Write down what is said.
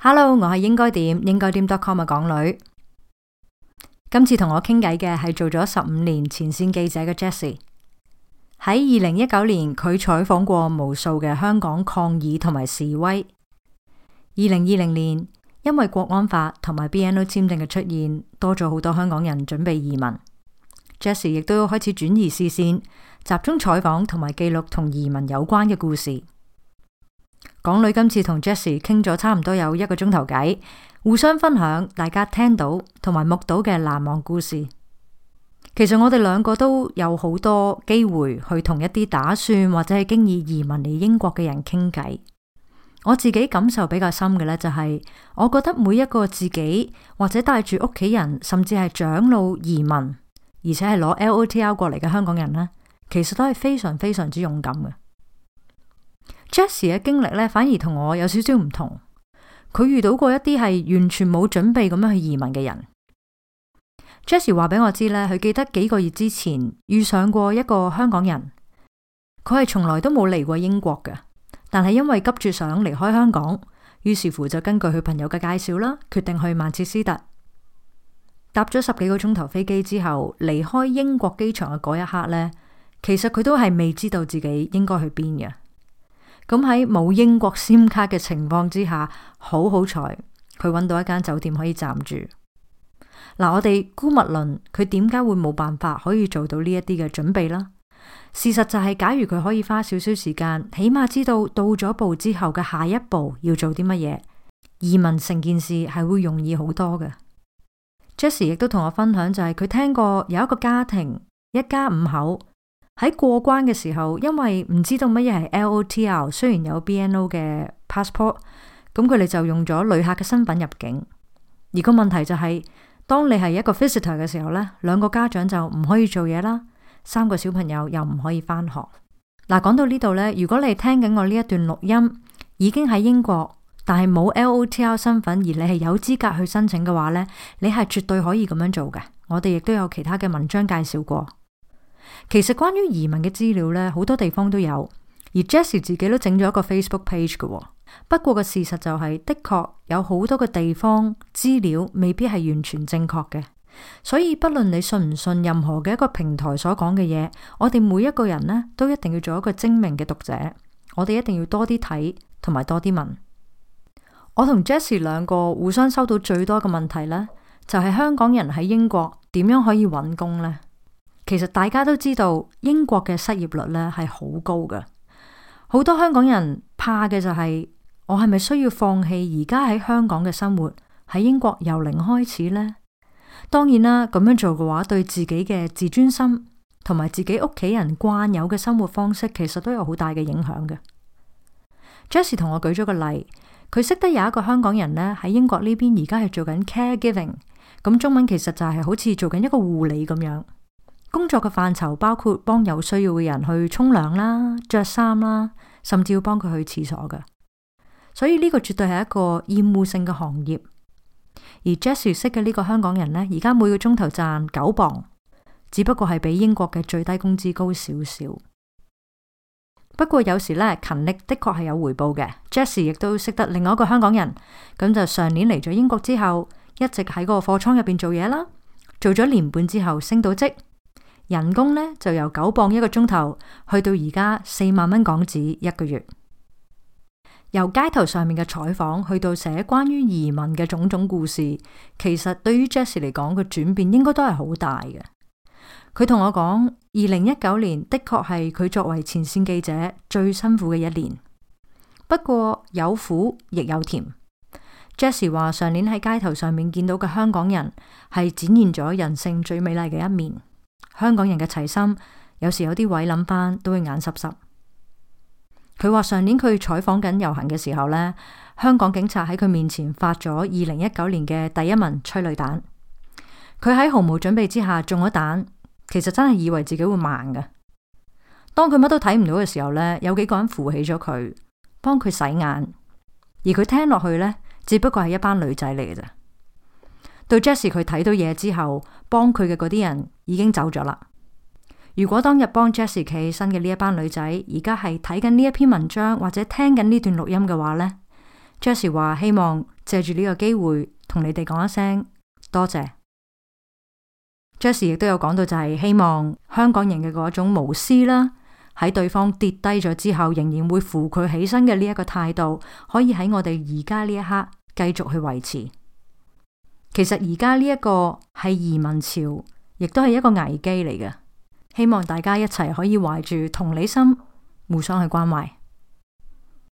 Hello，我係應該點應該點 .com 嘅港女。今次同我傾偈嘅係做咗十五年前線記者嘅 Jessie。喺二零一九年，佢採訪過無數嘅香港抗議同埋示威。二零二零年，因為國安法同埋 BNO 簽證嘅出現，多咗好多香港人準備移民。Jessie 亦都開始轉移視線，集中採訪同埋記錄同移民有關嘅故事。港女今次同 Jessie 傾咗差唔多有一個鐘頭偈，互相分享大家聽到同埋目睹嘅難忘故事。其實我哋兩個都有好多機會去同一啲打算或者係經已移民嚟英國嘅人傾偈。我自己感受比較深嘅呢、就是，就係我覺得每一個自己或者帶住屋企人，甚至係長老移民，而且係攞 LOTR 過嚟嘅香港人呢，其實都係非常非常之勇敢嘅。Jessie 嘅經歷咧，反而同我有少少唔同。佢遇到過一啲係完全冇準備咁樣去移民嘅人。Jessie 話俾我知呢，佢記得幾個月之前遇上過一個香港人，佢係從來都冇嚟過英國嘅，但係因為急住想離開香港，於是乎就根據佢朋友嘅介紹啦，決定去曼徹斯特，搭咗十幾個鐘頭飛機之後，離開英國機場嘅嗰一刻呢，其實佢都係未知道自己應該去邊嘅。咁喺冇英國 SIM 卡嘅情況之下，好好彩，佢搵到一間酒店可以暫住。嗱、啊，我哋姑勿論佢點解會冇辦法可以做到呢一啲嘅準備啦。事實就係、是，假如佢可以花少少時間，起碼知道到咗步之後嘅下一步要做啲乜嘢，移民成件事係會容易好多嘅。Jessie 亦都同我分享、就是，就係佢聽過有一個家庭，一家五口。喺過關嘅時候，因為唔知道乜嘢係 LOTR，雖然有 BNO 嘅 passport，咁佢哋就用咗旅客嘅身份入境。而個問題就係、是，當你係一個 visitor 嘅時候呢，兩個家長就唔可以做嘢啦，三個小朋友又唔可以翻學。嗱、啊，講到呢度呢，如果你係聽緊我呢一段錄音，已經喺英國，但係冇 LOTR 身份，而你係有資格去申請嘅話呢，你係絕對可以咁樣做嘅。我哋亦都有其他嘅文章介紹過。其實關於移民嘅資料咧，好多地方都有，而 Jessie 自己都整咗一個 Facebook page 㗎喎。不過個事實就係、是，的確有好多嘅地方資料未必係完全正確嘅。所以不論你信唔信任何嘅一個平台所講嘅嘢，我哋每一個人咧都一定要做一個精明嘅讀者。我哋一定要多啲睇，同埋多啲問。我同 Jessie 兩個互相收到最多嘅問題咧，就係、是、香港人喺英國點樣可以揾工咧？其實大家都知道，英國嘅失業率呢係好高㗎。好多香港人怕嘅就係，我係咪需要放棄而家喺香港嘅生活，喺英國由零開始呢？當然啦，咁樣做嘅話，對自己嘅自尊心同埋自己屋企人慣有嘅生活方式，其實都有好大嘅影響嘅。Jesse 同我舉咗個例，佢識得有一個香港人呢，喺英國呢邊而家係做緊 caregiving，咁中文其實就係好似做緊一個護理咁樣。工作嘅範疇包括幫有需要嘅人去沖涼啦、着衫啦，甚至要幫佢去廁所㗎。所以呢個絕對係一個厭惡性嘅行業。而 Jesse 識嘅呢個香港人呢，而家每個鐘頭賺九磅，只不過係比英國嘅最低工資高少少。不過有時呢，勤力的確係有回報嘅。Jesse 亦都識得另外一個香港人，咁就上年嚟咗英國之後，一直喺個貨倉入邊做嘢啦，做咗年半之後升到職。人工呢，就由九磅一個鐘頭去到而家四萬蚊港紙一個月。由街頭上面嘅採訪去到寫關於移民嘅種種故事，其實對於 Jesse 嚟講，個轉變應該都係好大嘅。佢同我講，二零一九年的確係佢作為前線記者最辛苦嘅一年。不過有苦亦有甜。Jesse 話上年喺街頭上面見到嘅香港人係展現咗人性最美麗嘅一面。香港人嘅齊心，有時有啲位諗返，都會眼濕濕。佢話上年佢採訪緊遊行嘅時候呢，香港警察喺佢面前發咗二零一九年嘅第一枚催淚彈，佢喺毫無準備之下中咗彈，其實真係以為自己會盲㗎。當佢乜都睇唔到嘅時候呢，有幾個人扶起咗佢，幫佢洗眼，而佢聽落去呢只不過係一班女仔嚟嘅啫。對 Jessie，佢睇到嘢之後，幫佢嘅嗰啲人已經走咗啦。如果當日幫 Jessie 企起身嘅呢一班女仔，而家係睇緊呢一篇文章或者聽緊呢段錄音嘅話呢，Jessie 話希望借住呢個機會同你哋講一聲多謝。 Jessie 亦都有講到，就係希望香港人嘅嗰種無私啦，喺對方跌低咗之後，仍然會扶佢起身嘅呢一個態度，可以喺我哋而家呢一刻繼續去維持。其實而家呢一個係移民潮，亦都係一個危機嚟嘅。希望大家一齊可以懷住同理心，互相去關懷。